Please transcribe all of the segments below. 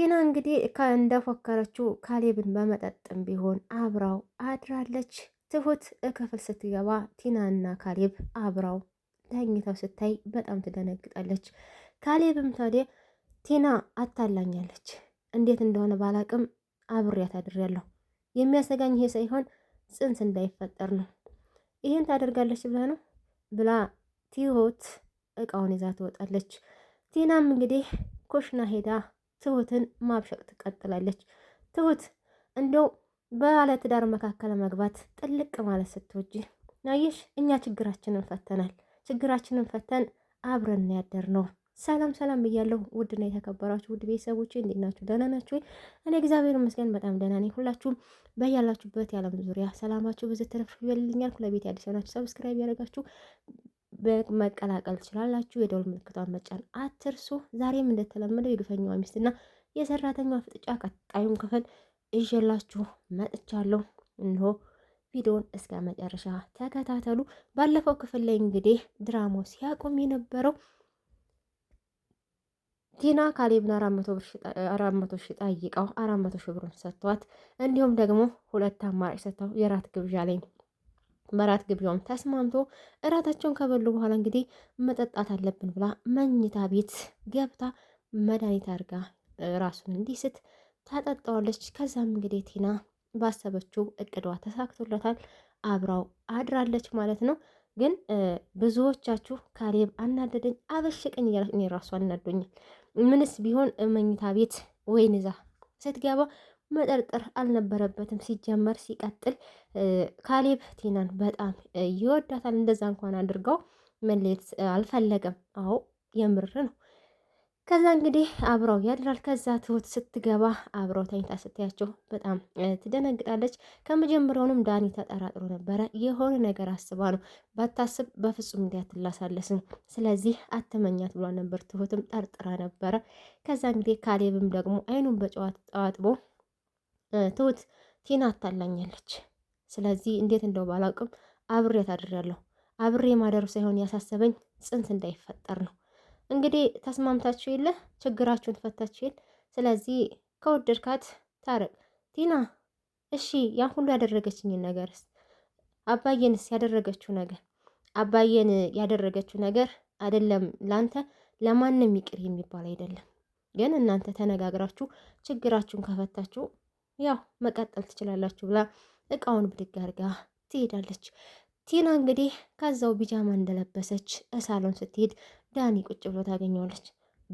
ቲና እንግዲህ እንደፎከረችው ካሌብን በመጠጥም ቢሆን አብራው አድራለች። ትሁት ክፍል ስትገባ ቲናና ካሌብ አብራው ተኝተው ስታይ በጣም ትደነግጣለች። ካሌብም ታዲያ ቲና አታላኛለች፣ እንዴት እንደሆነ ባላቅም አብሬያት አድሬያለሁ። የሚያሰጋኝ ይሄ ሳይሆን ጽንስ እንዳይፈጠር ነው። ይህን ታደርጋለች ብለ ነው ብላ ትሁት እቃውን ይዛ ትወጣለች። ቲናም እንግዲህ ኩሽና ሄዳ ትሁትን ማብሸቅ ትቀጥላለች። ትሁት እንደው ባለ ትዳር መካከል መግባት ጥልቅ ማለት ስትወጂ ናየሽ፣ እኛ ችግራችንን ፈተናል። ችግራችንን ፈተን አብረን ያደር ነው። ሰላም ሰላም ብያለሁ። ውድና የተከበራችሁ ውድ ቤተሰቦች እንዴት ናችሁ? ደህና ናችሁ? እኔ እግዚአብሔር ይመስገን በጣም ደህና ነኝ። ሁላችሁም በያላችሁበት የዓለም ዙሪያ ሰላማችሁ ብዙ ተረፍሽ ይበልልኛል። ሁለቤት አዲስ ሆናችሁ ሰብስክራይብ ያደረጋችሁ መቀላቀል ትችላላችሁ። የደወል ምልክቷን መጫን አትርሱ። ዛሬም እንደተለመደው የግፈኛዋ ሚስትና የሰራተኛዋ ፍጥጫ ቀጣዩን ክፍል ይዤላችሁ መጥቻለሁ። እንሆ ቪዲዮን እስከ መጨረሻ ተከታተሉ። ባለፈው ክፍል ላይ እንግዲህ ድራማው ሲያቆም የነበረው ቲና ካሌብን አራት መቶ ሺ ጠይቀው አራት መቶ ሺ ብሩን ሰጥተዋት እንዲሁም ደግሞ ሁለት አማራጭ ሰጥተው የራት ግብዣ ላይ በራት ግብዣውም ተስማምቶ እራታቸውን ከበሉ በኋላ እንግዲህ መጠጣት አለብን ብላ መኝታ ቤት ገብታ መድኃኒት አድርጋ ራሱን እንዲስት ታጠጣዋለች። ከዛም እንግዲህ ቲና ባሰበችው እቅዷ ተሳክቶለታል። አብራው አድራለች ማለት ነው። ግን ብዙዎቻችሁ ካሌብ አናደደኝ፣ አበሸቀኝ እያለች እኔ ራሱ አናዶኛል። ምንስ ቢሆን መኝታ ቤት ወይን ስትገባ መጠርጠር አልነበረበትም። ሲጀመር ሲቀጥል ካሌብ ቲናን በጣም ይወዳታል። እንደዛ እንኳን አድርገው መለየት አልፈለገም። አዎ የምር ነው። ከዛ እንግዲህ አብረው ያድራል። ከዛ ትሁት ስትገባ አብረው ተኝታ ስታያቸው በጣም ትደነግጣለች። ከመጀመሪያውንም ዳኒ ተጠራጥሮ ነበረ። የሆነ ነገር አስባ ነው፣ ባታስብ በፍጹም እንዲያትላሳለስም ስለዚህ አትመኛት ብሏ ነበር። ትሁትም ጠርጥራ ነበረ። ከዛ እንግዲህ ካሌብም ደግሞ አይኑን በጨዋት ጠዋጥቦ ትሁት ቲና አታላኛለች። ስለዚህ እንዴት እንደው ባላውቅም አብሬ ታድሬያለሁ። አብሬ ማደሩ ሳይሆን ያሳሰበኝ ጽንስ እንዳይፈጠር ነው። እንግዲህ ተስማምታችሁ የለ ችግራችሁን ፈታችሁ የለ። ስለዚህ ከወደድካት ታረቅ ቲና። እሺ ያን ሁሉ ያደረገችኝን ነገርስ አባዬንስ ያደረገችው ነገር አባዬን ያደረገችው ነገር አይደለም ላንተ ለማንም ይቅር የሚባል አይደለም። ግን እናንተ ተነጋግራችሁ ችግራችሁን ከፈታችሁ ያው መቀጠል ትችላላችሁ ብላ እቃውን ብድግ አርጋ ትሄዳለች። ቲና እንግዲህ ከዛው ቢጃማ እንደለበሰች እሳሎን ስትሄድ ዳኒ ቁጭ ብሎ ታገኘዋለች።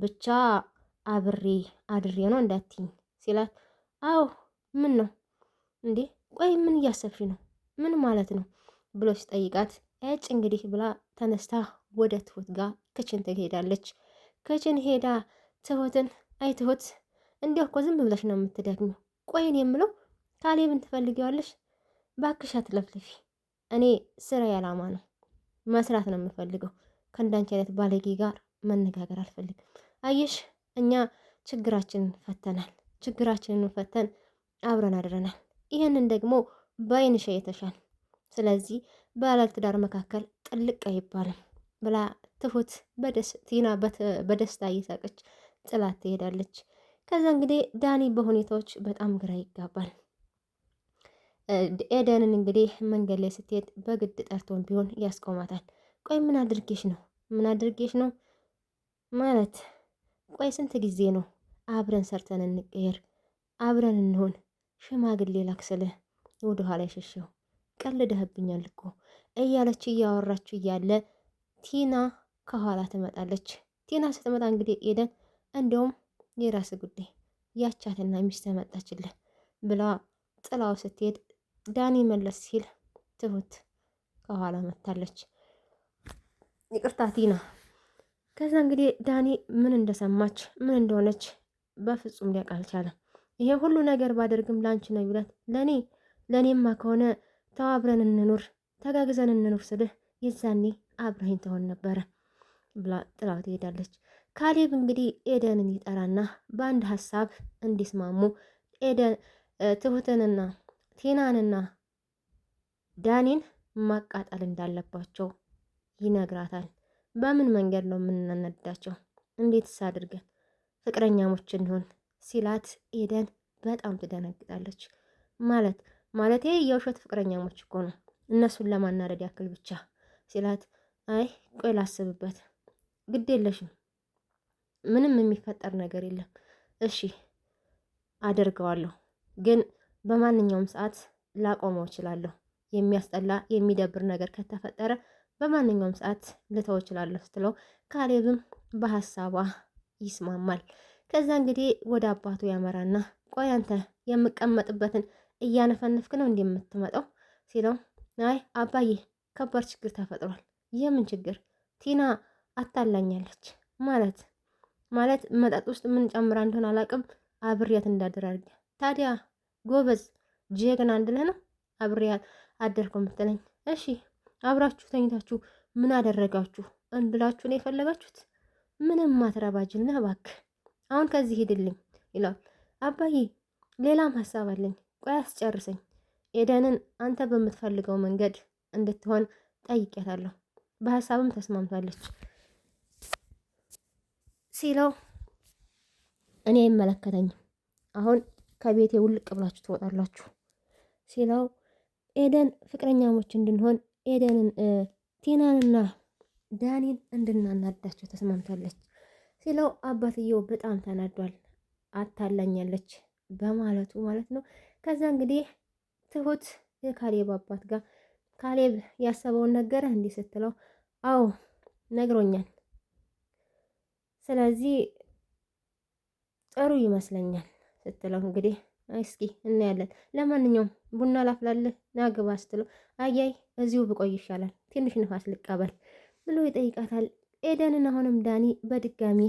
ብቻ አብሬ አድሬ ነው እንዳትኝ ሲላት፣ አዎ ምን ነው እንዴ? ቆይ ምን እያሰብሽ ነው? ምን ማለት ነው ብሎ ሲጠይቃት፣ እጭ እንግዲህ ብላ ተነስታ ወደ ትሁት ጋር ክችን ትሄዳለች። ክችን ሄዳ ትሁትን አይ ትሁት፣ እንዲያው እኮ ዝም ብለሽ ነው የምትደግሚው ቆይን የምለው ካሌብን ትፈልጊዋለሽ? ባክሽ አትለፍልፊ። እኔ ስራ ያላማ ነው መስራት ነው የምፈልገው። ከእንዳንቺ አይነት ባለጌ ጋር መነጋገር አልፈልግም። አየሽ እኛ ችግራችንን ፈተናል። ችግራችንን ፈተን አብረን አድረናል። ይህንን ደግሞ በአይንሽ የተሻል። ስለዚህ ባለትዳር መካከል ጥልቅ አይባልም ብላ ትሁት በደስታ እየሳቀች ጥላት ትሄዳለች። ከዛ እንግዲህ ዳኒ በሁኔታዎች በጣም ግራ ይጋባል። ኤደንን እንግዲህ መንገድ ላይ ስትሄድ በግድ ጠርቶን ቢሆን ያስቆማታል። ቆይ ምን አድርጌሽ ነው? ምን አድርጌሽ ነው ማለት ቆይ ስንት ጊዜ ነው አብረን ሰርተን እንቀየር፣ አብረን እንሆን፣ ሽማግሌ ላክስልህ ወደኋላ የሸሸው ቀልደህብኛል እኮ እያለች እያወራች እያለ ቲና ከኋላ ትመጣለች። ቲና ስትመጣ እንግዲህ ኤደን እንዲያውም የራስ ጉዳይ ያቻትና ሚስት መጣችልህ ብላ ጥላው ስትሄድ ዳኒ መለስ ሲል ትሁት ከኋላ መታለች። ይቅርታ ቲና። ከዛ እንግዲህ ዳኒ ምን እንደሰማች ምን እንደሆነች በፍጹም ሊያውቅ አልቻለም። ይሄ ሁሉ ነገር ባደርግም ላንቺ ነው ይብላት ለኔ ለእኔማ ከሆነ ተዋብረን እንኑር ተጋግዘን እንኑር ስልህ የዛኔ አብረኝ ትሆን ነበረ ብላ ጥላው ትሄዳለች። ካሌብ እንግዲህ ኤደንን ይጠራና በአንድ ሀሳብ እንዲስማሙ ኤደን ትሁትንና ቲናንና ዳኒን ማቃጠል እንዳለባቸው ይነግራታል። በምን መንገድ ነው የምናነዳቸው? እንዴት አድርገን ፍቅረኛሞች እንሆን ሲላት ኤደን በጣም ትደነግጣለች። ማለት ማለቴ የውሸት ፍቅረኛሞች እኮ ነው እነሱን ለማናደድ ያክል ብቻ ሲላት፣ አይ ቆይ ላስብበት፣ ግድ የለሽም ምንም የሚፈጠር ነገር የለም። እሺ አደርገዋለሁ፣ ግን በማንኛውም ሰዓት ላቆመው እችላለሁ። የሚያስጠላ የሚደብር ነገር ከተፈጠረ በማንኛውም ሰዓት ልተው እችላለሁ ስትለው ካሌብም በሀሳቧ ይስማማል። ከዛ እንግዲህ ወደ አባቱ ያመራና ቆይ አንተ የምቀመጥበትን እያነፈነፍክ ነው እንደምትመጣው ሲለው አይ አባዬ ከባድ ችግር ተፈጥሯል። የምን ችግር? ቲና አታላኛለች ማለት ማለት መጠጥ ውስጥ ምን ጨምራ እንደሆነ አላቅም። አብሬያት እንዳድር ታዲያ ጎበዝ ጀግና እንድልህ ነው አብሬያት አደርኩ የምትለኝ። እሺ አብራችሁ ተኝታችሁ ምን አደረጋችሁ እንብላችሁ ነው የፈለጋችሁት? ምንም ማትረባጅል ነህ እባክህ፣ አሁን ከዚህ ሄድልኝ ይለዋል። አባዬ ሌላም ሀሳብ አለኝ፣ ቆይ አስጨርሰኝ። ኤደንን አንተ በምትፈልገው መንገድ እንድትሆን ጠይቄታለሁ። በሀሳብም ተስማምታለች። ሲለው እኔ አይመለከተኝም አሁን ከቤቴ ውልቅ ብላችሁ ትወጣላችሁ ሲለው ኤደን ፍቅረኛሞች እንድንሆን ኤደንን ቲናንና ዳኒን እንድናናዳቸው ተስማምታለች ሲለው አባትየው በጣም ተናዷል። አታላኛለች በማለቱ ማለት ነው። ከዛ እንግዲህ ትሁት የካሌብ አባት ጋር ካሌብ ያሰበውን ነገረ እንዲህ ስትለው አዎ ነግሮኛል ስለዚህ ጥሩ ይመስለኛል ስትለው እንግዲህ እስኪ እናያለን። ለማንኛውም ቡና ላፍላልህ ናግባ ስትለው አያይ እዚሁ ብቆይ ይሻላል፣ ትንሽ ንፋስ ልቀበል ብሎ ይጠይቃታል። ኤደንን አሁንም ዳኒ በድጋሚ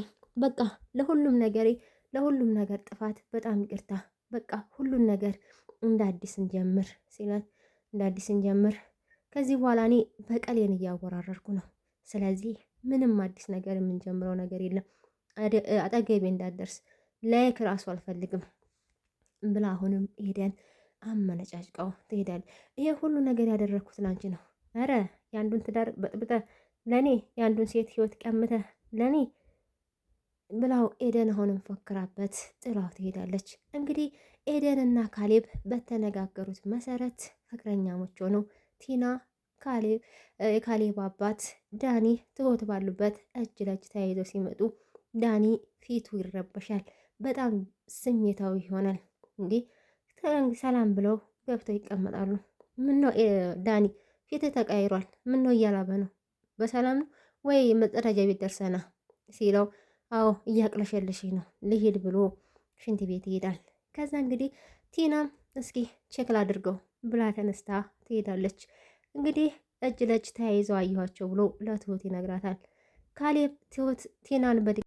በቃ ለሁሉም ነገሬ ለሁሉም ነገር ጥፋት በጣም ይቅርታ፣ በቃ ሁሉን ነገር እንደ አዲስ እንጀምር ሲላት እንደ አዲስ እንጀምር ከዚህ በኋላ እኔ በቀሌን እያወራረርኩ ነው ስለዚህ ምንም አዲስ ነገር የምንጀምረው ነገር የለም። አጠገቤ እንዳትደርስ ላይክ ራሱ አልፈልግም ብላ አሁንም ሄደን አመነጫጭቃው ትሄዳለች። ይሄ ሁሉ ነገር ያደረግኩት ላንቺ ነው። ኧረ የአንዱን ትዳር በጥብጠ ለእኔ የአንዱን ሴት ህይወት ቀምተ ለእኔ ብላው ኤደን አሁንም ፎክራበት ጥላው ትሄዳለች። እንግዲህ ኤደን እና ካሌብ በተነጋገሩት መሰረት ፍቅረኛሞች ሆነው ቲና የካሌብ አባት ዳኒ ትሁት ባሉበት እጅ ለእጅ ተያይዘው ሲመጡ ዳኒ ፊቱ ይረበሻል። በጣም ስሜታዊ ይሆናል። እንዲህ ሰላም ብለው ገብተው ይቀመጣሉ። ምነው ዳኒ ፊት ተቀይሯል? ምነው እያላበ ነው? በሰላም ነው ወይ መጸዳጃ ቤት ደርሰና ሲለው አዎ እያቅለሸለሽ ነው ልሂድ ብሎ ሽንት ቤት ይሄዳል። ከዛ እንግዲህ ቲናም እስኪ ቼክል አድርገው ብላ ተነስታ ትሄዳለች። እንግዲህ እጅ ለእጅ ተያይዘው አየኋቸው ብሎ ለትሁት ይነግራታል። ካሌብ ትሁት ቲናን በድ